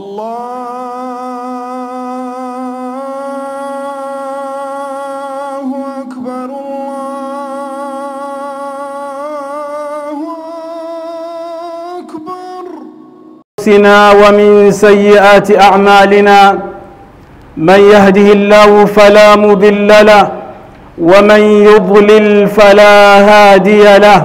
الله أكبر الله أكبر سنا ومن سيئات أعمالنا من يهده الله فلا مضل له ومن يضلل فلا هادي له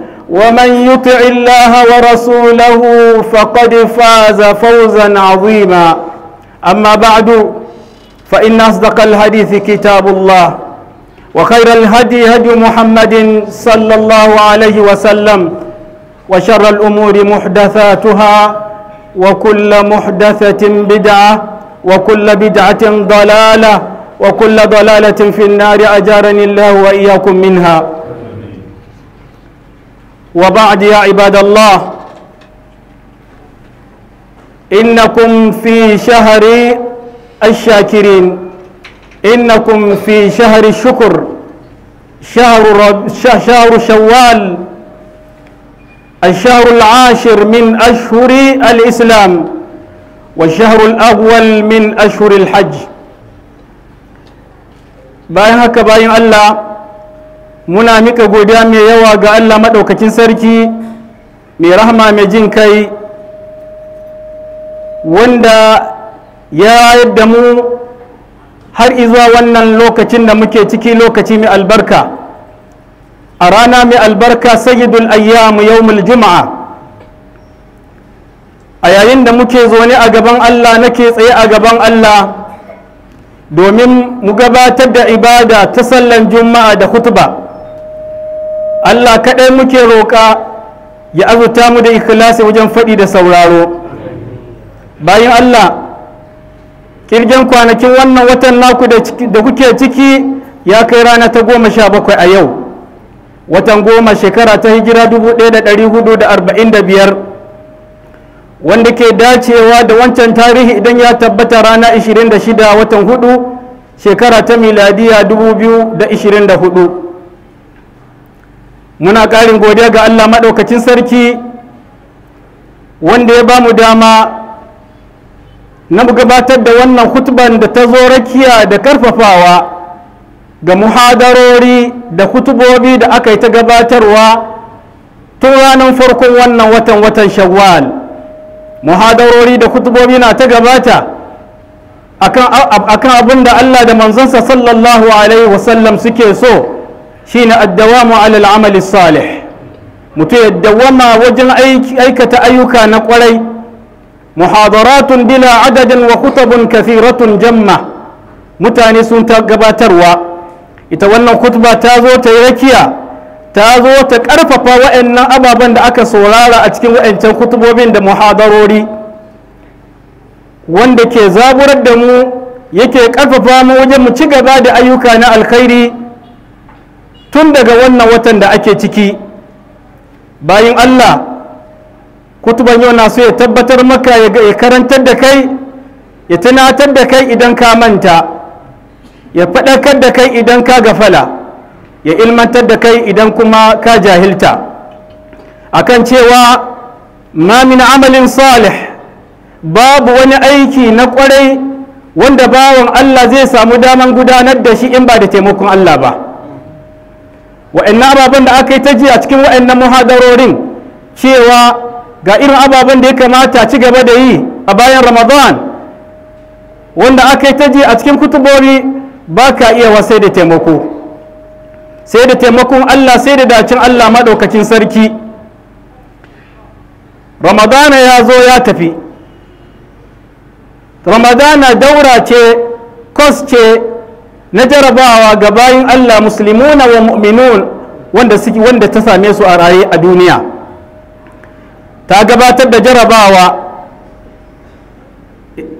ومن يطع الله ورسوله فقد فاز فوزا عظيما أما بعد فإن أصدق الحديث كتاب الله وخير الهدي هدي محمد صلى الله عليه وسلم وشر الأمور محدثاتها وكل محدثة بدعة وكل بدعة ضلالة وكل ضلالة في النار أجارني الله وإياكم منها وبعد يا عباد الله إنكم في شهر الشاكرين إنكم في شهر الشكر شهر, رب شهر شوال الشهر العاشر من أشهر الإسلام والشهر الأول من أشهر الحج باين هكا باين الله muna mika godiya mai yawa ga Allah maɗaukakin sarki mai rahama mai jin kai wanda ya yadda mu har izuwa wannan lokacin da muke ciki lokaci mai albarka a rana mai albarka sayidul ayyamu yawmul juma'a a yayin da muke zaune a gaban Allah nake tsaye a gaban Allah domin mu gabatar da ibada ta sallan juma'a da hutuba Allah kaɗai muke roƙa ya azuta mu da ikhlasi wajen faɗi da sauraro bayan Allah kirgen kwanakin wannan watan naku da kuke ciki ya kai rana ta goma sha bakwai a yau watan goma shekara ta hijira biyar. wanda ke dacewa da wancan tarihi idan ya tabbata rana 26 watan hudu shekara ta miladiya 2024 muna ƙarin godiya ga allah maɗaukacin sarki wanda ya ba mu dama na gabatar da wannan hutuban da ta zo rakiya da ƙarfafawa ga muhadarori da hutubobi da aka yi ta gabatarwa tun ranar farkon wannan watan watan shawwal muhadarori da hutubobi na ta gabata akan abin da allah da manzansa sallallahu alaihi wasallam suke so shine addawamu ala al'amali salih mutum ya dawama wajen aikata ayyuka na kwarai muhadaratun bila adadin wa kutabun kathiratun jamma mutane sun ta gabatarwa ita wannan kutuba ta zo ta rakiya ta zo ta ƙarfafa waɗannan ababen da aka saurara a cikin waɗancan kutubobin da muhadarori wanda ke zaburar da mu yake ƙarfafa mu wajen mu ci gaba da ayyuka na alkhairi tun daga wannan watan da ake ciki bayan Allah kutuban yau na so ya tabbatar maka ya karantar da kai ya tunatar da kai idan ka manta ya faɗakar da kai idan ka gafala ya ilmantar da kai idan kuma ka jahilta akan cewa ma min amalin salih babu wani aiki na kwarai wanda bawan Allah zai samu daman gudanar da shi in ba da taimakon Allah ba wa'annan ababen da aka yi ta ji a cikin wa'annan muhadarorin cewa ga irin ababen da ya kamata ci gaba da yi a bayan ramadan wanda aka yi ta ji a cikin kutubori ba ka iya sai da taimako sai da taimakon allah sai da dacin allah maɗaukacin sarki ramadana ya zo ya tafi ramadana daura ce kos ce na jarabawa ga bayin Allah muslimuna wa mu'minun wanda ta same su a raye a duniya ta gabatar da jarabawa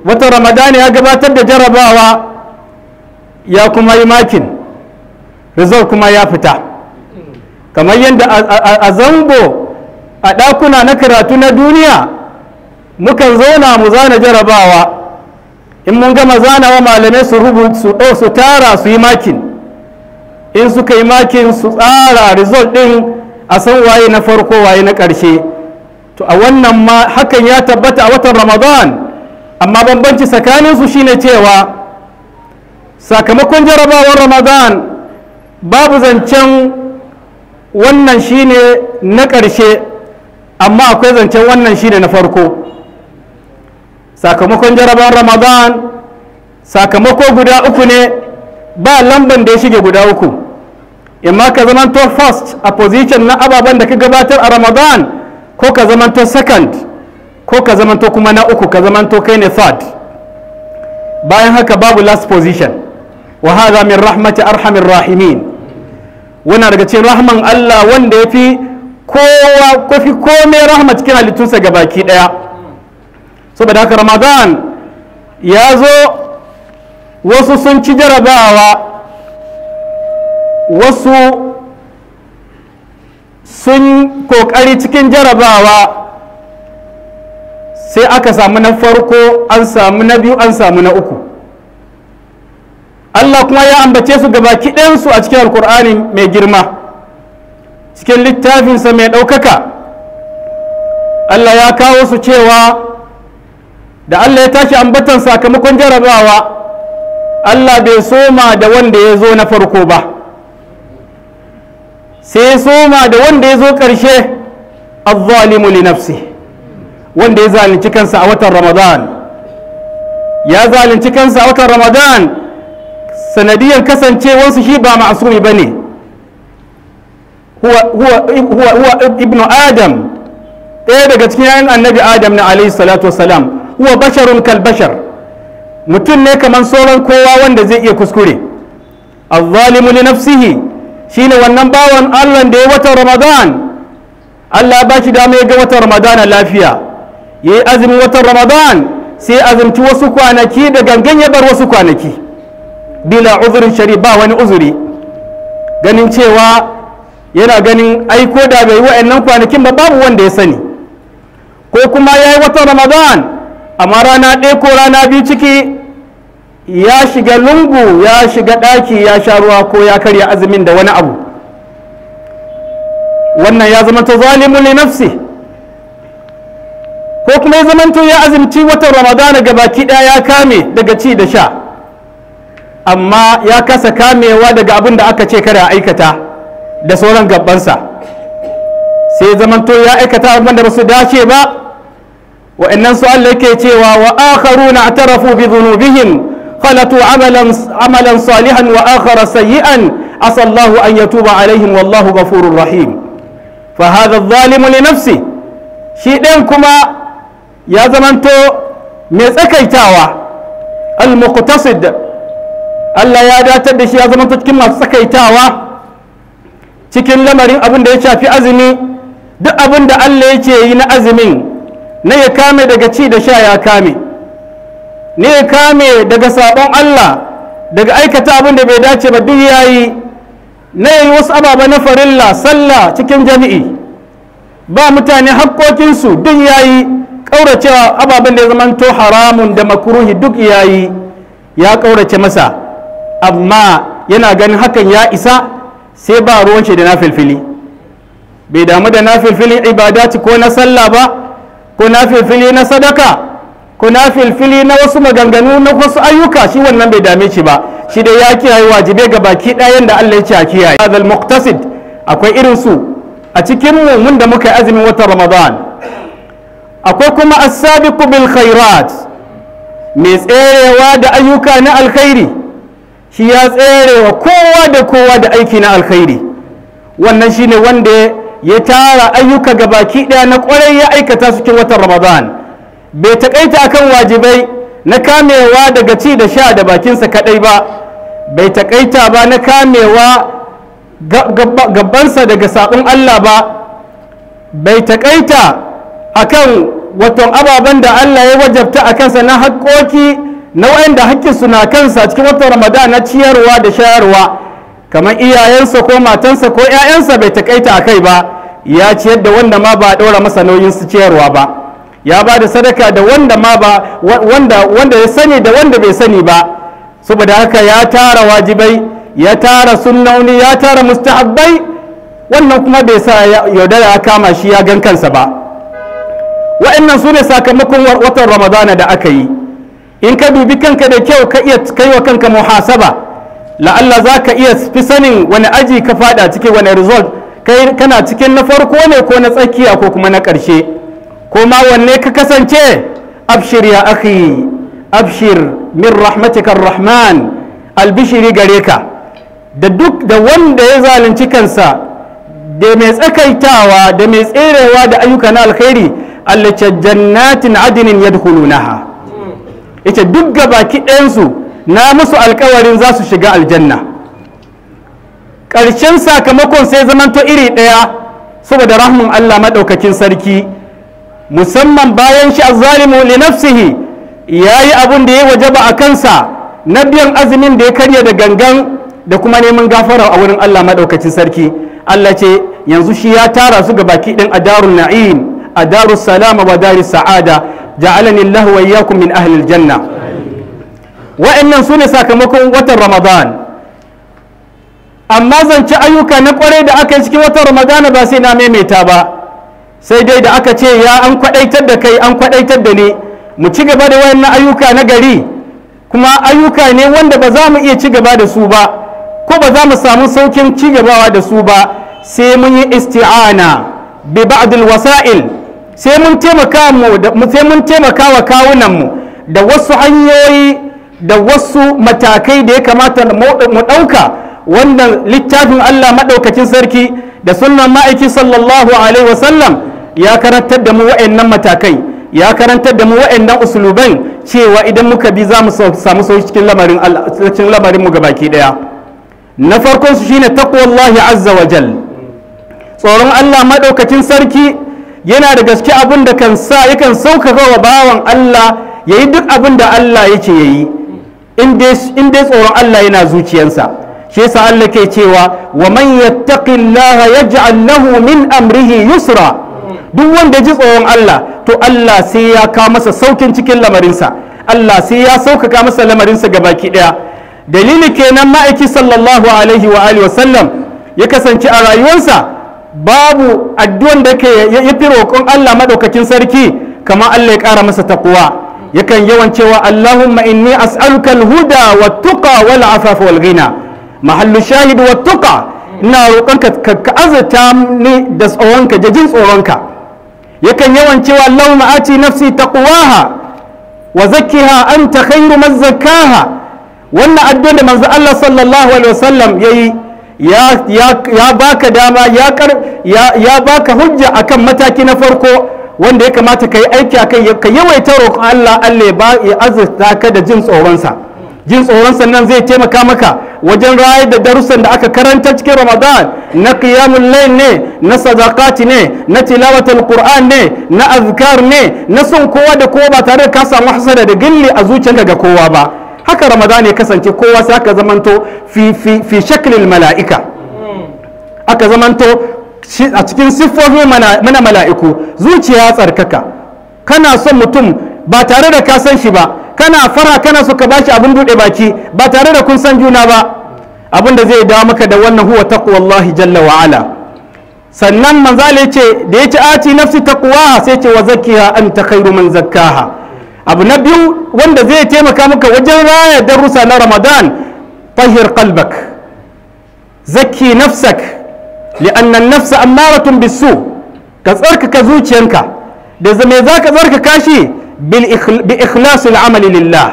wata ramadani ya gabatar da jarabawa ya kuma yi makin result kuma ya fita kamar yadda a zango a ɗakuna na karatu na duniya mukan zauna mu zana jarabawa in mun gama zanawa malamai su rubuta su tara su yi makin in suka yi makin su tsara result ɗin a san waye na farko waye na ƙarshe to a wannan ma hakan ya tabbata a watan ramadan amma bambanci tsakanin su shine cewa sakamakon jarabawar ramadan babu zancen wannan shine na ƙarshe amma akwai zancen wannan shine na farko sakamakon jaraban ramadan sakamako guda uku ne ba lamban da ya shige guda uku amma ka zamanto first a position na ababen da ka gabatar a ramadan ko ka zamanto second ko ka zamanto kuma na uku ka zamanto kai ne third bayan haka babu last position wa hadha min rahmati arhamir rahimin wannan daga cikin rahman Allah wanda ya fi kowa ko komai rahma cikin halittunsa gabaki daya saboda haka ramadan ya zo wasu sun ci jarabawa wasu sun kokari cikin jarabawa sai aka samu na farko an samu na biyu an samu na uku Allah kuma ya ambace su gaba kiɗansu a cikin alkur'ani mai girma cikin littafinsa mai ɗaukaka Allah ya kawo su cewa da Allah ya tashi ambatan sakamakon jarabawa Allah bai soma da wanda ya zo na farko ba sai ya soma da wanda ya zo ƙarshe azzalimu li nafsi wanda ya zalunci kansa a watan ramadan ya zalunci kansa a watan ramadan sanadiyar kasancewarsu shi ba ma'asumi ba ne huwa ibnu adam ɗaya daga cikin yayin annabi adam na alaihi salatu wasalam huwa basharun kal bashar mutum ne kamar sauran kowa wanda zai iya kuskure al-zalimu li nafsihi shine wannan bawan Allah da ya wata Ramadan Allah ba shi dama ya ga watan Ramadan lafiya yayi azumin watan Ramadan sai azumci wasu kwanaki da gangan ya bar wasu kwanaki bila uzurin shari ba wani uzuri ganin cewa yana ganin aiko da bai wa'annan kwanakin ba babu wanda ya sani ko kuma yayi yi watan ramadan amma rana ɗaya ko rana biyu ciki ya shiga lungu ya shiga ɗaki ya sha ruwa ko ya karya azumin da wani abu wannan ya zama ta zalimun li nafsi ko kuma ya zama ya azumci watan ramadana gabaki ɗaya ya kame daga ci da sha amma ya kasa kamewa daga abin da aka ce kada aikata da sauran gabansa sai zamanto ya aikata abin da ba su dace ba wa'annan su Allah ke cewa wa ta atarafu bi dhunubihim khalatu amalan amalan salihan wa akhara sayyi'an asallahu an yatuba alaihim wallahu ghafurur rahim fa hadha adh-dhalimu li nafsi shi ɗin kuma ya zamanto mai tsakaitawa al-muqtasid Allah ya datar da shi ya zamanto cikin masu tsakaitawa cikin lamarin abin da ya shafi azumi duk abin da Allah yake yi na azumin na ya kame daga ci da sha ya kame ne ya kame daga sabon Allah daga aikata abin da bai dace ba duk yayi na yi wasu ababa na farilla sallah cikin jami'i ba mutane hakkokinsu duk yayi ƙauracewa ababen da ya zamanto haramun da makuruhi duk yayi ya ƙaurace masa amma yana ganin hakan ya isa sai ba ruwan shi da na filfili bai damu da na filfilin ibadati ko na sallah ba ko na filfili na sadaka ko na filfili na wasu maganganu na wasu ayyuka shi wannan bai dame shi ba shi dai ya kiyaye wajibi ga baki ɗayan da Allah ya ce a kiyaye hadal muqtasid akwai irin su a cikin mu mun da muka azumin watan Ramadan akwai kuma as-sabiqu bil khairat mai tserewa da ayyuka na alkhairi shi ya tserewa kowa da kowa da aiki na alkhairi wannan shine wanda ya tara ayyuka ga baki ɗaya na ƙwarai ya aikata su cikin watan ramadan bai taƙaita akan wajibai na kamewa daga ci da sha da bakinsa kaɗai ba bai takaita ba na kamewa gabansa daga saɓin allah ba bai taƙaita akan wato ababen da Allah ya wajabta a kansa na haƙƙoƙi na waɗanda haƙƙinsu na kansa cikin watan Ramadan na ciyarwa da shayarwa kamar iyayensa ko matansa ko 'ya'yansa bai takaita a kai ba ya ciyar da wanda ma ba a ɗora masa nauyin su ciyarwa ba ya ba da sadaka da wanda ma ba wanda ya sani da wanda bai sani ba saboda haka ya tara wajibai ya tara sunnauni ya tara mustahabbai wannan kuma bai sa yaudara ya kama shi ya gan kansa ba wa'annan su ne sakamakon watan ramadana da aka yi in ka dubi kanka da kyau ka iya kai wa kanka muhasaba la'alla za ka iya fi sanin wani aji ka fada ciki wani result kana cikin na farko ne ko na tsakiya ko kuma na karshe, ko ma wanne ka kasance abshir ya akhi abshir min rahmatikar rahman albishiri gare ka da duk da wanda ya zalunci kansa da mai tsakaitawa da mai tserewa da ayyuka na alkhairi allace jannatin adinin yadkhulunaha ita duk gabaki ɗayansu na musu alkawarin za su shiga aljanna ƙarshen sakamakon sai zamanto iri ɗaya saboda rahmun Allah maɗaukakin sarki musamman bayan shi azzalimu li nafsihi ya yi abin da ya wajaba a kansa na biyan azumin da ya karya da gangan da kuma neman gafara a wurin Allah maɗaukacin sarki Allah ce yanzu shi ya tara su ga baki ɗin adarun na'im adarus salama wa daris sa'ada ja'alani Allah wa iyyakum min ahlil janna wa'annan su ne sakamakon watan ramadan amma zance ayyuka na kwarai da aka yi cikin watan ramadan ba sai na maimaita ba sai dai da aka ce ya an kwadaitar da kai an kwadaitar da ni mu ci gaba da wayannan ayyuka na gari kuma ayyuka ne wanda ba za mu iya ci gaba da su ba ko ba za mu samu saukin ci gabawa da su ba sai mun yi isti'ana bi ba'dil wasa'il sai mun taimaka mu sai mun taimaka wa kawunan mu da wasu hanyoyi da wasu matakai da ya kamata mu ɗauka wannan littafin Allah maɗaukacin sarki da sunan ma'aikin sallallahu alaihi wasallam ya karantar da mu wa'annan matakai ya karantar da mu wa'annan usuluban cewa idan muka bi za mu samu sauki cikin lamarin cikin lamarin mu baki daya na farkon su shine taqwallahi azza wa jal tsoron Allah maɗaukacin sarki yana da gaske abin da kan sa yakan sauka wa bawan Allah yayi duk abin da Allah yake yayi in dai tsoron Allah yana zuciyarsa shi yasa Allah ke cewa wa man yattaqillaha yaj'al lahu min amrihi yusra duk wanda ji tsoron Allah to Allah sai ya ka masa saukin cikin lamarinsa Allah sai ya saukaka masa lamarinsa ga baki ɗaya dalili kenan ma'aiki sallallahu alaihi wa alihi wasallam ya kasance a rayuwarsa babu addu'an da ke ya fi roƙon Allah madaukakin sarki kamar Allah ya ƙara masa taƙuwa yakan yawan cewa Allahumma inni as'aluka al-huda wa tuqa wal afafa wal ghina mahallu shahid wa tuqa ina roƙonka ka azata ni da tsoronka da jin tsoronka yakan yawan cewa Allahumma ati nafsi taqwaha wa zakkiha anta khairu man zakkaha wannan addu'a da manzo Allah sallallahu alaihi wasallam yayi ya ya baka dama ya ya baka hujja akan mataki na farko wanda ya kamata ka yi aiki a kai ka yawaita roƙon Allah Allah ya azurta ka da jin tsoronsa jin tsoronsa nan zai taimaka maka wajen rayar da darussan da aka karanta cikin Ramadan na qiyamul layl ne na sadaqati ne na tilawatul qur'an ne na azkar ne na son kowa da kowa ba tare da ka samu hasada da gilli a zuciyarka ga kowa ba haka Ramadan ya kasance kowa sai aka zamanto fi fi mala'ika aka zamanto a cikin siffofi mana mala'iku zuciya tsarkaka kana son mutum ba tare da ka san shi ba kana fara kana so ka bashi abin buɗe baki ba tare da kun san juna ba abin da zai dawo maka da wannan huwa Allah jalla wa sannan manzo ya ce da ya ci ati nafsi takuwa sai ce wa zakkiha anta khairu man zakkaha abu na biyu wanda zai taimaka maka wajen raya darussa na ramadan tahir qalbak zakki nafsak li'annan nafsa ammaratun bisu ka tsarkaka zuciyanka da zame za ka tsarkaka shi bi ikhlasul amali lillah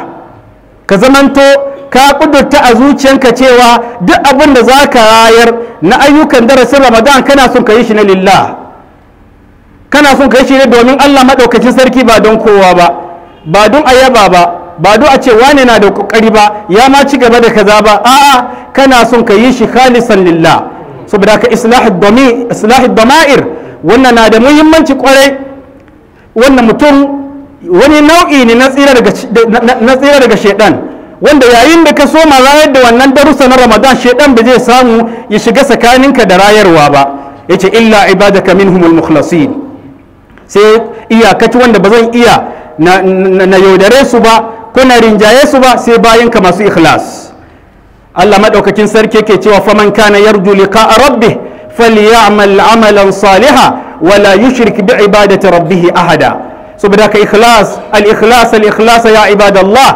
ka zamanto ka kudurta a zuciyanka cewa duk abin da za ka rayar na ayyukan darasin ramadan kana son ka yi shi na lillah kana son ka yi shi ne domin allah maɗaukacin sarki ba don kowa ba ba don ayaba ba ba don a ce wane na da kokari ba ya ma ci gaba da kaza ba a'a kana son ka yi shi khalisan lillah saboda ka islahi dama'ir wannan na da muhimmanci kwarai wannan mutum wani nau'i ne na tsira daga shaidan wanda yayin da ka so ma rayar da wannan darussa na ramadan shaidan ba zai samu ya shiga tsakaninka da rayarwa ba yace illa ibadaka minhumul mukhlasin sai iyakaci wanda ba zan iya na yaudare su ba ko na rinjaye su ba sai bayanka masu ikhlas Allah maɗaukacin sarki yake cewa faman kana yarju liqa'a rabbih falyamal amalan saliha wala yushrik bi ibadati rabbih ahada saboda ka ikhlas al ikhlas al ikhlas ya ibadallah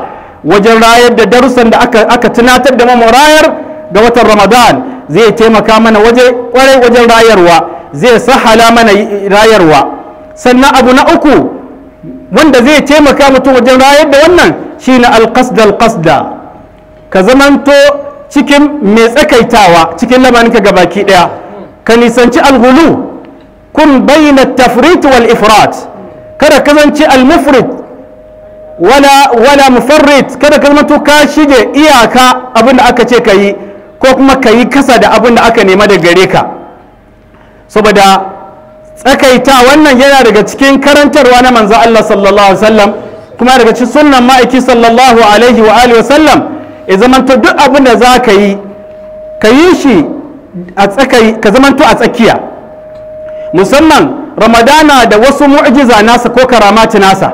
wajen rayar da darussan da aka aka tunatar da mu rayar ga watan Ramadan zai taimaka mana waje kwarai wajen rayarwa zai sahala mana rayarwa sannan abu na uku wanda zai taimaka mutum wajen rayar da wannan shine alqasd alqasda ka zamanto cikin mai tsakaitawa cikin lamarinka ga baki ɗaya ka nisanci alhulu kun bayyana tafrit wal ifrat kada ka zance almufrit wala wala mufarrit kada ka zama ka shige iyaka abin aka ce ka yi ko kuma ka yi kasa da abin aka nema da gare ka saboda tsakaita wannan yana daga cikin karantarwa na manzo Allah sallallahu alaihi wasallam kuma daga cikin sunnan ma'aiki sallallahu alaihi wa alihi wasallam ya zamanta duk abin da za ka yi ka yi shi ka zamanto a tsakiya musamman ramadana da wasu mu'jiza nasa ko karamati nasa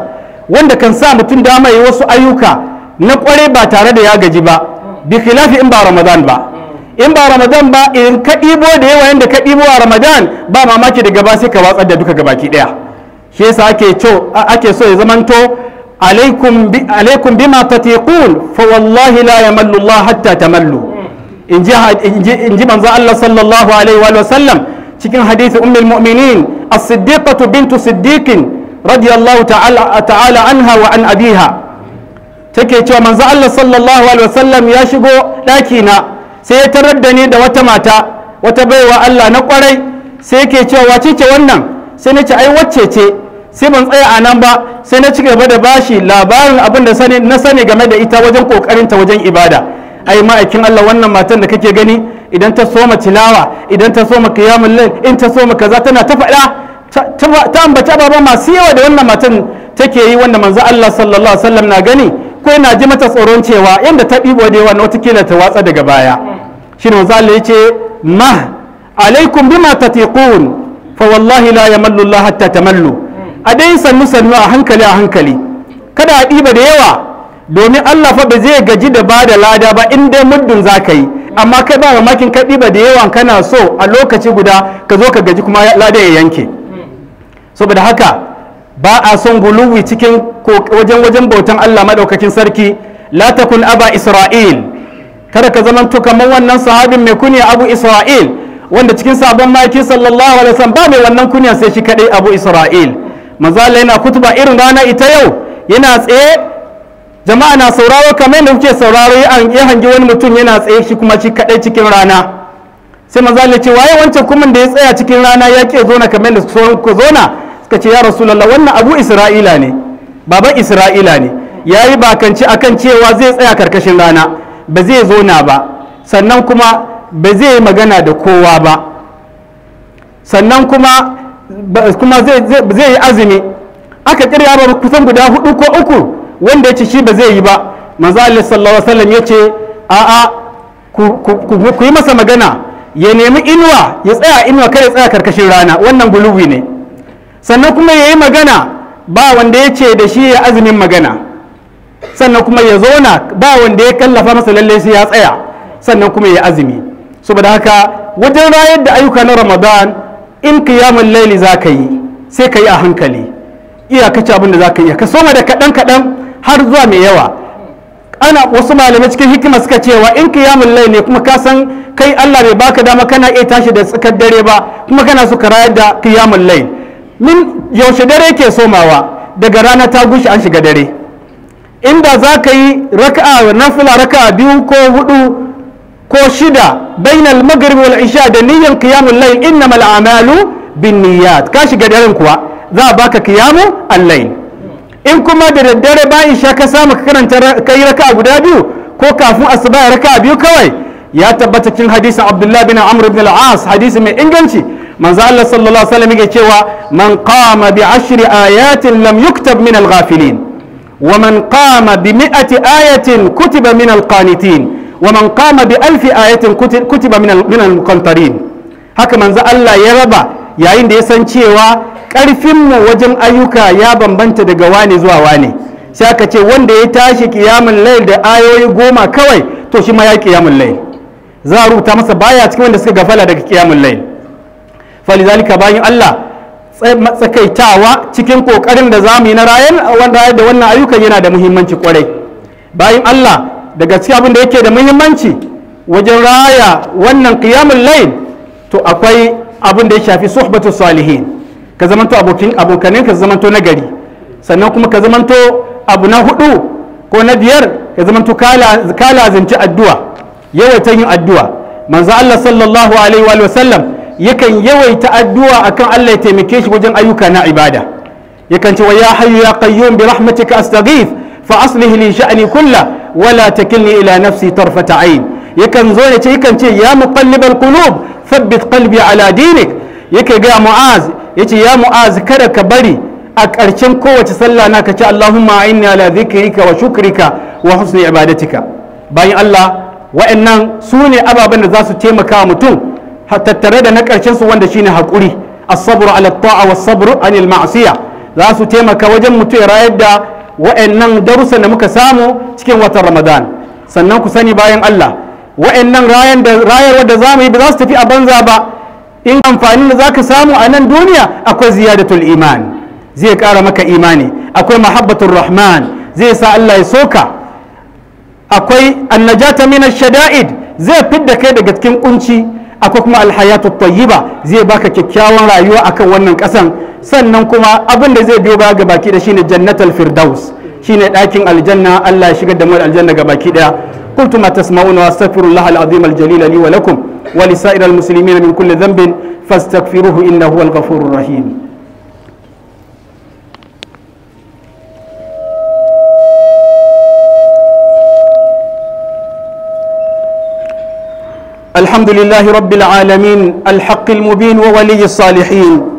wanda kan sa mutum dama yi wasu ayyuka na kware ba tare da ya gaji ba bi khilafi in ba ramadan ba in ba ramadan ba in ka ɗibo da yawa yadda ka ɗibo a ramadan ba mamaki da gaba sai ka watsar da duka gabaki ɗaya shi yasa ake so ya zamanto alaikum bi alaikum bima tatiqun fa wallahi la yamallu Allah hatta tamallu in ji manzo Allah sallallahu alaihi wa sallam cikin hadisi ummul mu'minin as-siddiqatu bintu siddiqin radiyallahu ta'ala ta'ala anha wa an abiha take cewa manzo Allah sallallahu alaihi wa sallam ya shigo daki na sai ya tarar da ni da wata mata wata baiwa Allah na kwarai sai yake cewa wace ce wannan sai nace ai wacce ce sai ban tsaya a nan ba sai na ci gaba da bashi labarin abin da na sani game da ita wajen kokarin ta wajen ibada ai ma'aikin Allah wannan matan da kake gani idan ta soma tilawa idan ta soma kiyamul lail in ta soma kaza tana ta faɗa ta ambaci ababa masu yawa da wannan matan take yi wanda manzo Allah sallallahu alaihi wasallam na gani ko yana ji mata tsoron cewa yanda ta bibo da yawa wata kila ta watsa daga baya shi ne zalla yace ma alaikum bima tatiqun fa wallahi la yamallu Allah hatta tamallu a dai sannu sannu a hankali a hankali kada a ɗiba da yawa domin Allah fa ba zai gaji da ba da lada ba in dai muddin za ka yi amma kai ba mamakin ka ɗiba da yawa kana so a lokaci guda ka zo ka gaji kuma lada ya yanke saboda haka ba a son guluwi cikin wajen wajen bautan Allah maɗaukakin sarki la takun aba isra'il kada ka zama to kamar wannan sahabin mai kunya abu isra'il wanda cikin sabon maki sallallahu alaihi wasallam ba mai wannan kunya sai shi kadai abu isra'il manzala yana kutuba irin rana ita yau yana tsaye jama'a na sauraro kamar yadda kuke sauraro ya hangi wani mutum yana tsaye shi kuma shi kadai cikin rana sai ya ce waye wancan kumin da ya tsaya cikin rana ya ke zona kamar yadda suka zona suka ce ya rasulullah wannan abu isra'ila ne baban isra'ila ne ya yi bakanci akan cewa zai tsaya karkashin rana ba zai zona ba sannan kuma ba zai magana da kowa ba sannan kuma kuma zai yi azumi aka kirya ba kusan guda hudu ko uku wanda ya ce shi ba zai yi ba manzo Allah sallallahu alaihi ya ce a'a ku yi masa magana ya nemi inuwa ya tsaya inuwa kar ya tsaya karkashin rana wannan guluwi ne sannan kuma ya yi magana ba wanda ya ce da shi ya azumin magana sannan kuma ya zauna ba wanda ya kallafa masa lalle sai ya tsaya sannan kuma ya azumi saboda haka wajen rayar da ayyuka na ramadan in kiyamun laili za ka yi sai ka yi a hankali iyakaci abin da za ka yi ka soma da kaɗan kaɗan har zuwa mai yawa ana wasu malamai cikin hikima suka cewa in kiyamun laili ne kuma ka san kai Allah bai baka dama kana iya tashi da tsakar dare ba kuma kana so ka rayar da kiyamun lail min yaushe dare ke somawa daga rana ta gushe an shiga dare inda za ka yi raka'a fila raka'a biyu ko hudu ko shida bainal maghrib wal isha da niyyar qiyamul layl innamal a'malu niyyat ka shiga daren kuwa za a baka qiyamul layl in kuma da daddare bayan isha ka samu ka karanta kai raka guda biyu ko kafin asuba raka biyu kawai ya tabbata cin hadisin abdullahi bin amr ibn al-as hadisi mai inganci manzo Allah sallallahu alaihi wasallam yake cewa man qama bi ashri ayatin lam yuktab min al-ghafilin wa man qama bi mi'ati ayatin kutiba min al wa man kama bi alfi ayatin kutiba min al-muqantarin haka manzo Allah ya raba yayin da ya san cewa karfin mu wajen ayyuka ya bambanta daga wane zuwa wane sai aka ce wanda ya tashi kiyamun lail da ayoyi goma kawai to shi ma ya kiyamun lail za a rubuta masa baya cikin wanda suka gafala daga kiyamun lail falizalika bayan Allah matsakaitawa cikin kokarin da za mu yi na rayar da wannan ayyukan yana da muhimmanci kwarai bayan Allah daga cikin abin da yake da muhimmanci wajen raya wannan qiyamul layl to akwai abin da ya shafi suhbatu salihin ka zamanto abokin abokanin ka zamanto na gari sannan kuma ka zamanto abu na hudu ko na biyar ka zamanto ka lazimci addu'a yawaita yin addu'a manzo Allah sallallahu alaihi wa sallam yakan yawaita addu'a akan Allah ya taimake shi wajen ayyuka na ibada yakan ce wa ya hayyu ya qayyum bi rahmatika astaghith fa aslih li sha'ni kullahu wala takilni ila nafsi tarfata ayn yakan zo ya ce yakan ce ya muqallibal qulub thabbit qalbi ala dinik yake ga mu'az yace ya mu'az kada ka bari a ƙarshen kowace sallah na ka ce Allahumma inni ala dhikrika wa shukrika wa husni ibadatika bayan Allah waɗannan sune ababen da zasu taimakawa mutum tattare da na karshen su wanda shine haƙuri a sabru ala ta'a was-sabru anil ma'siya za su taimaka wajen mutum ya rayar da wa'annan darussan da muka samu cikin watan ramadan sannan ku sani bayan allah wa'annan rayan da rayarwar da zamu yi ba za su tafi a banza ba in amfani da za ka samu a nan duniya akwai ziyadatul iman zai ƙara maka imani akwai mahabbatul rahman zai sa allah ya soka akwai annajata min shada'id zai fidda kai daga cikin kunci akwai kuma alhayatu tayyiba zai baka kyakkyawan rayuwa akan wannan kasan sannan kuma abin da zai biyo baya ga baki da shine jannatul firdaus shine dakin aljanna Allah ya shigar da mu aljanna ga baki daya qultu tasma'una wastaghfirullah al-azim al li wa lakum wa li sa'ir muslimin min kulli dhanbin fastaghfiruhu innahu huwal ghafurur rahim الحمد لله رب العالمين الحق المبين وولي الصالحين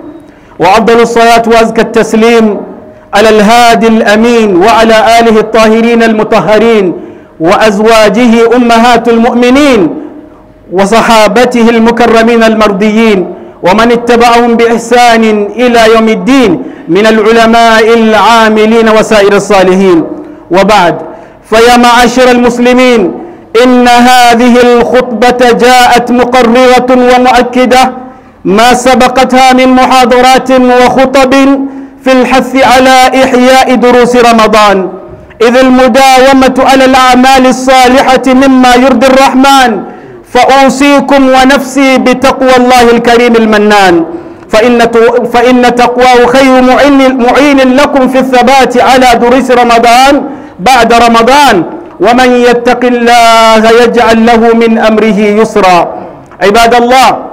وأفضل الصلاة وأزكى التسليم على الهادي الأمين وعلى آله الطاهرين المطهرين وأزواجه أمهات المؤمنين وصحابته المكرمين المرضيين ومن اتبعهم بإحسان إلى يوم الدين من العلماء العاملين وسائر الصالحين وبعد فيا معاشر المسلمين إن هذه الخطبة جاءت مقررة ومؤكدة ما سبقتها من محاضرات وخطب في الحث على إحياء دروس رمضان إذ المداومة على الأعمال الصالحة مما يرضي الرحمن فأوصيكم ونفسي بتقوى الله الكريم المنان فإن فإن تقواه خير معين معين لكم في الثبات على دروس رمضان بعد رمضان ومن يتق الله يجعل له من أمره يسرا عباد الله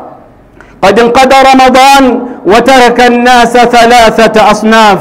قد انقضى رمضان وترك الناس ثلاثة أصناف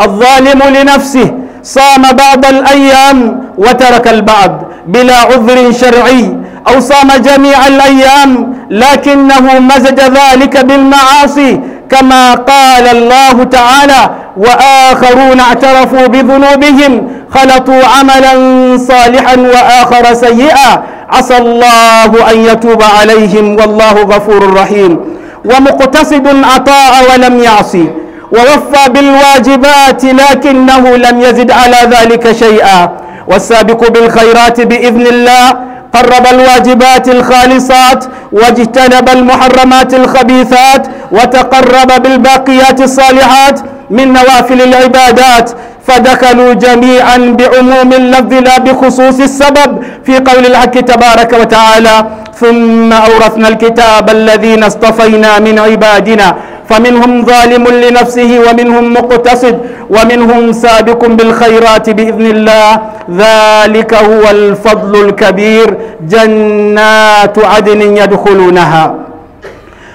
الظالم لنفسه صام بعض الأيام وترك البعض بلا عذر شرعي أو صام جميع الأيام لكنه مزج ذلك بالمعاصي كما قال الله تعالى وآخرون اعترفوا بذنوبهم خلطوا عملا صالحا وآخر سيئا عسى الله أن يتوب عليهم والله غفور رحيم ومقتصد أطاع ولم يعصي ووفى بالواجبات لكنه لم يزد على ذلك شيئا والسابق بالخيرات بإذن الله قرب الواجبات الخالصات واجتنب المحرمات الخبيثات وتقرب بالباقيات الصالحات من نوافل العبادات فدخلوا جميعا بعموم اللفظ لا بخصوص السبب في قول الحق تبارك وتعالى ثم أورثنا الكتاب الذين اصطفينا من عبادنا فمنهم ظالم لنفسه ومنهم مقتصد ومنهم سابق بالخيرات بإذن الله ذلك هو الفضل الكبير جنات عدن يدخلونها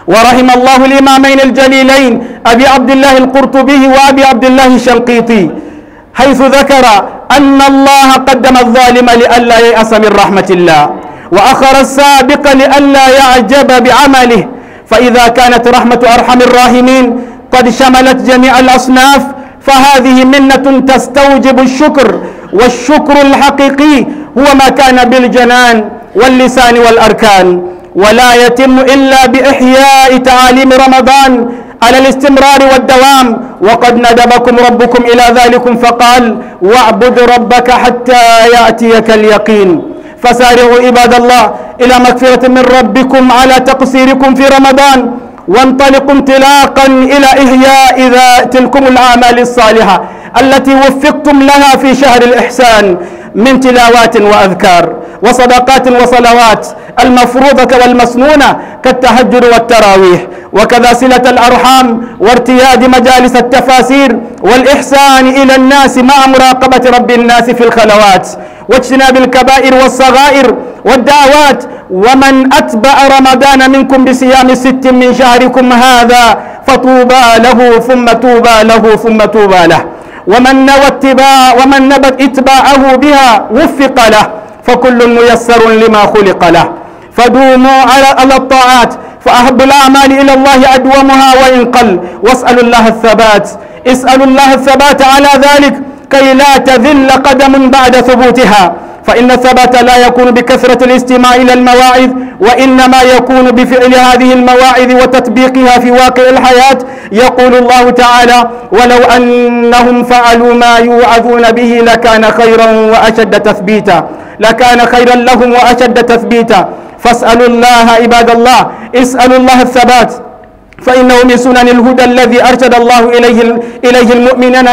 ورحم الله الإمامين الجليلين أبي عبد الله القرطبي وأبي عبد الله الشنقيطي حيث ذكر أن الله قدم الظالم لئلا ييأس من رحمة الله وأخر السابق لئلا يعجب بعمله فإذا كانت رحمة أرحم الراحمين قد شملت جميع الأصناف فهذه منة تستوجب الشكر والشكر الحقيقي هو ما كان بالجنان واللسان والأركان ولا يتم إلا بإحياء تعاليم رمضان على الاستمرار والدوام وقد ندبكم ربكم إلى ذلكم فقال واعبد ربك حتى يأتيك اليقين فسارعوا عباد الله إلى مغفرة من ربكم على تقصيركم في رمضان وانطلقوا انطلاقا إلى إحياء تلكم الأعمال الصالحة التي وفقتم لها في شهر الإحسان من تلاوات وأذكار وصدقات وصلوات المفروضة والمسنونة كالتهجر والتراويح وكذا صلة الأرحام وارتياد مجالس التفاسير والإحسان إلى الناس مع مراقبة رب الناس في الخلوات واجتناب الكبائر والصغائر والدعوات ومن أتبع رمضان منكم بصيام ست من شهركم هذا فطوبى له ثم توبى له ثم توبى له ومن نوى اتباع ومن نبت اتباعه بها وفق له فكل ميسر لما خلق له فدوموا على الطاعات فأحب الأعمال إلى الله أدومها وإن قل واسألوا الله الثبات اسألوا الله الثبات على ذلك كي لا تذل قدم بعد ثبوتها فإن الثبات لا يكون بكثرة الاستماع إلى المواعظ وإنما يكون بفعل هذه المواعظ وتطبيقها في واقع الحياة يقول الله تعالى ولو أنهم فعلوا ما يوعظون به لكان خيرا وأشد تثبيتا لكان خيرا لهم وأشد تثبيتا فاسألوا الله عباد الله اسألوا الله الثبات فإنه من سنن الهدى الذي أرشد الله إليه إليه المؤمنين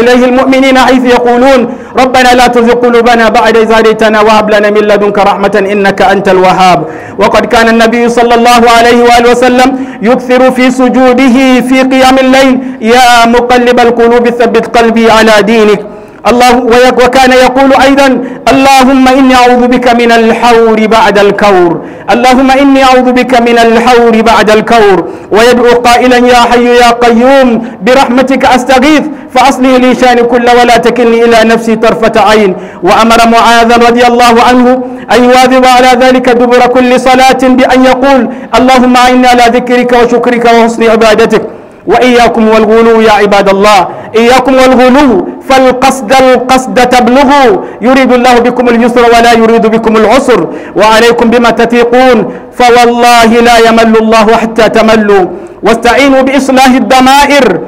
إليه المؤمنين حيث يقولون ربنا لا تزغ قلوبنا بعد إذ هديتنا وهب لنا من لدنك رحمة إنك أنت الوهاب وقد كان النبي صلى الله عليه وآله وسلم يكثر في سجوده في قيام الليل يا مقلب القلوب ثبت قلبي على دينك الله وكان يقول أيضا اللهم إني أعوذ بك من الحور بعد الكور اللهم إني أعوذ بك من الحور بعد الكور ويدعو قائلا يا حي يا قيوم برحمتك أستغيث فأصلي لي شان كل ولا تكلني إلى نفسي طرفة عين وأمر معاذ رضي الله عنه أن يواظب على ذلك دبر كل صلاة بأن يقول اللهم اعنا على ذكرك وشكرك وحسن عبادتك وإياكم والغلو يا عباد الله إياكم والغلو فالقصد القصد تبلغ يريد الله بكم اليسر ولا يريد بكم العسر وعليكم بما تتيقون فوالله لا يمل الله حتى تملوا واستعينوا بإصلاح الضمائر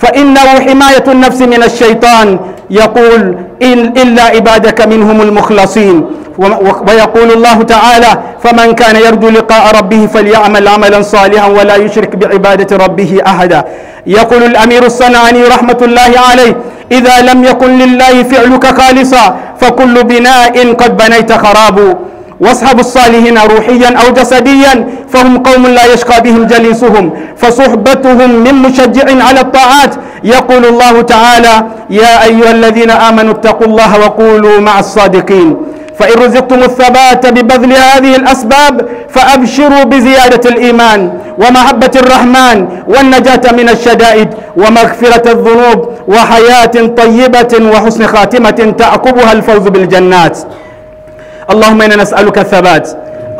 فإنه حماية النفس من الشيطان يقول إلا عبادك منهم المخلصين ويقول الله تعالى فمن كان يرجو لقاء ربه فليعمل عملا صالحا ولا يشرك بعبادة ربه أحدا يقول الأمير الصنعاني رحمة الله عليه إذا لم يكن لله فعلك خالصا فكل بناء قد بنيت خراب واصحاب الصالحين روحيا أو جسديا فهم قوم لا يشقى بهم جليسهم فصحبتهم من مشجع على الطاعات يقول الله تعالى يا أيها الذين آمنوا اتقوا الله وقولوا مع الصادقين فإن رزقتم الثبات ببذل هذه الأسباب فأبشروا بزيادة الإيمان ومحبة الرحمن والنجاة من الشدائد ومغفرة الذنوب وحياة طيبة وحسن خاتمة تعقبها الفوز بالجنات اللهم إنا نسألك الثبات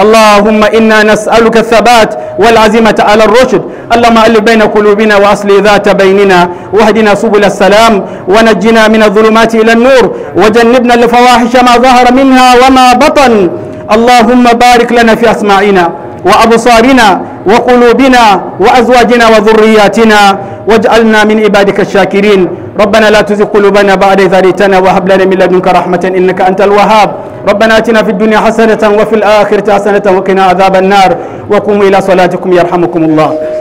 اللهم إنا نسألك الثبات والعزيمة على الرشد اللهم ألف بين قلوبنا وأصل ذات بيننا واهدنا سبل السلام ونجنا من الظلمات إلى النور وجنبنا الفواحش ما ظهر منها وما بطن اللهم بارك لنا في أسماعنا وأبصارنا وقلوبنا وأزواجنا وذرياتنا واجعلنا من عبادك الشاكرين ربنا لا تزغ قلوبنا بعد إذ هديتنا وهب لنا من لدنك رحمة إنك أنت الوهاب ربنا اتنا في الدنيا حسنه وفي الاخره حسنه وقنا عذاب النار وقوموا الى صلاتكم يرحمكم الله